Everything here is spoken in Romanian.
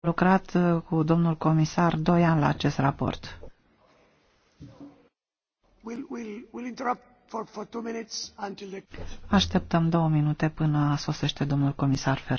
lucrat uh, cu domnul comisar doi ani la acest raport. Așteptăm două minute până sosește domnul comisar